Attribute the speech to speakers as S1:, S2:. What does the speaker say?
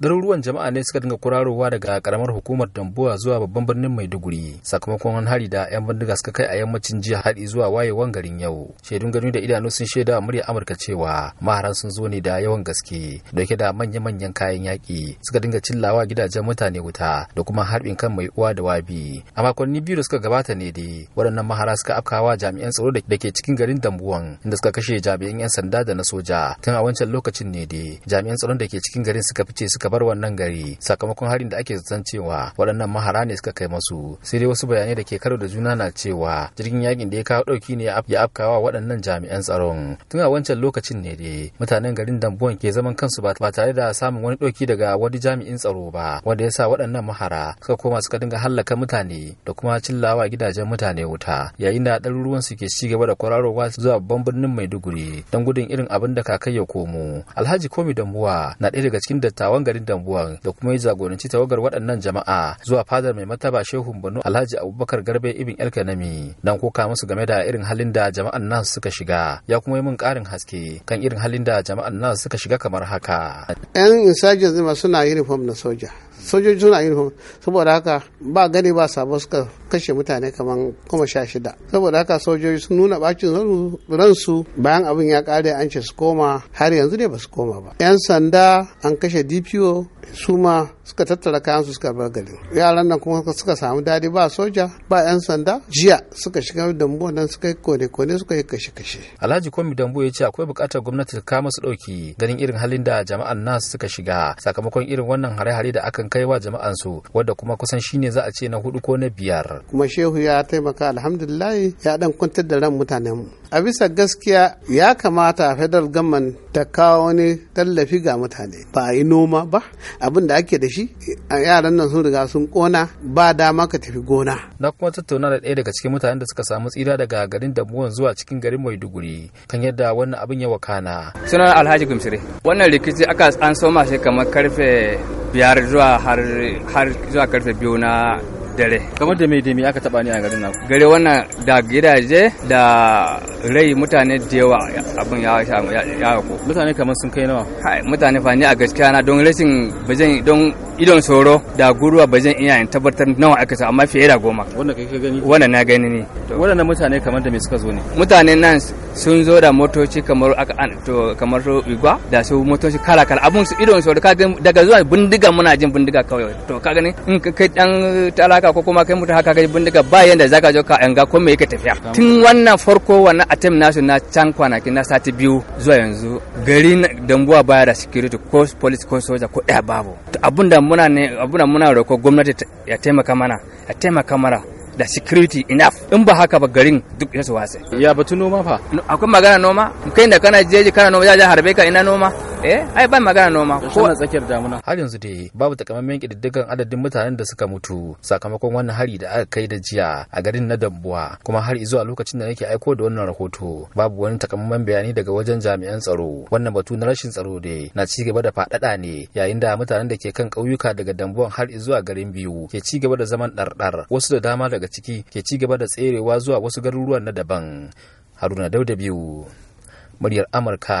S1: daruruwan jama'a ne suka dinga kurarowa daga karamar hukumar dambuwa zuwa babban birnin maiduguri sakamakon wani hari da 'yan bindiga suka kai a yammacin jiya haɗi zuwa wayewan garin yau shaidun gani da idanu sun shaida wa murya amurka cewa maharan sun zo ne da yawan gaske dauke da manya-manyan kayan yaki, suka dinga cillawa gidajen mutane wuta da kuma harbin kan mai uwa da wabi a makonni biyu da suka gabata ne dai waɗannan mahara suka afkawa jami'an tsaro da ke cikin garin dambuwan inda suka kashe jami'an 'yan sanda da na soja tun a wancan lokacin ne dai jami'an tsaron da ke cikin garin suka fice suka bar wannan gari sakamakon harin da ake zaton cewa waɗannan mahara ne suka kai masu sai dai wasu bayanai da ke karo da juna na cewa jirgin yakin da ya kawo ɗauki ne ya afkawa waɗannan jami'an tsaron tun a wancan lokacin ne dai mutanen garin dambuwan ke zaman kansu ba tare da samun wani ɗauki daga wani jami'in tsaro ba wanda ya sa waɗannan mahara suka koma suka dinga hallaka mutane da kuma cillawa gidajen mutane wuta yayin da ɗaruruwan su ke ci gaba da kwararowa zuwa babban birnin maiduguri don gudun irin abin da kakai ya komo alhaji komi dambuwa na ɗaya daga cikin dattawan garin garin Dambuwa da kuma ya jagoranci tawagar waɗannan jama'a zuwa fadar mai mataba Shehu Bano Alhaji Abubakar Garbe Ibn Elkanami dan koka musu game da irin halin da jama'an nan suka shiga ya kuma yi min ƙarin haske kan irin halin da jama'an nan suka shiga kamar haka.
S2: 'Yan insurgents suna uniform na soja. sojoji suna uniform saboda haka ba gani ba sabo suka kashe mutane kamar kuma sha shida saboda haka sojoji sun nuna bacin ransu bayan abin ya kare an ce su koma har yanzu ne ba su koma ba yan sanda an kashe dpo su ma suka tattara kayan su suka bar garin yaran nan kuma suka samu dadi ba soja ba yan sanda jiya suka shiga dambu nan suka yi kone kone suka yi kashe kashe alhaji komi
S1: dambu ya ce akwai bukatar gwamnati ta kama su dauki ganin irin halin da jama'an nasu suka shiga sakamakon irin wannan hare-hare da akan kai wa jama'ansu wadda kuma kusan shine za a ce na hudu ko na biyar
S2: kuma shehu ya taimaka alhamdulillah ya dan kwantar da ran mutanen mu a bisa gaskiya ya kamata federal government ta kawo wani tallafi ga mutane ba a yi noma ba abin da ake da shi a yaran nan sun riga sun kona ba dama ka tafi gona na
S1: kuma tattauna da ɗaya daga cikin mutanen da suka samu tsira daga garin damuwan zuwa cikin garin maiduguri kan yadda wannan abin ya wakana
S3: sunan alhaji gumsire wannan rikici aka an soma shi kamar karfe biyar zuwa har zuwa karfe biyu na dare kamar da mai demi aka
S1: taba ni a garin na.
S3: gare wannan da gidaje da rai mutane da yawa abin ya ya ko mutane kamar sun kai nawa mutane fa ni a gaskiya na don rashin bazan don idon sauro da guruwa ba zan iya tabbatar nawa aka sa amma fiye da goma wanda kai ka gani wannan na gani ne waɗannan mutane kamar da me suka zo ne mutanen nan sun zo da motoci kamar aka an to kamar su igwa da su motoci kala kala abun su idon sauro ka gani daga zuwa bindiga muna jin bindiga kawai to ka gani in kai dan talaka ko kuma kai mutum haka kai bindiga ba yanda zaka zo ka yanga ko me yake tafiya tun wannan farko wannan atem nasu na can kwanaki na sati biyu zuwa yanzu gari dambuwa baya da security ko police ko soja ko ɗaya babu abun da muna ne abuna muna roƙo gwamnati ya taimaka mana ya taimaka mana da security enough in ba haka ba garin duk ya su wase ya batu noma fa akwai magana noma kai da kana jeji kana noma ya harbe ka ina noma eh ai ban magana noma ko a tsakiyar damuna har
S1: yanzu dai babu takamaiman kididdigan adadin mutanen da suka mutu sakamakon wannan hari da aka kai da jiya a garin na Dambuwa kuma har zuwa lokacin da nake aiko da wannan rahoto babu wani takamaiman bayani daga wajen jami'an tsaro wannan batu na rashin tsaro ne na ci gaba da faɗaɗa ne yayin da mutanen da ke kan ƙauyuka daga Dambuwan har zuwa garin biyu ke ci gaba da zaman ɗarɗar wasu da dama daga ciki ke ci gaba da tserewa zuwa wasu garuruwan na daban haruna dauda biyu muryar amurka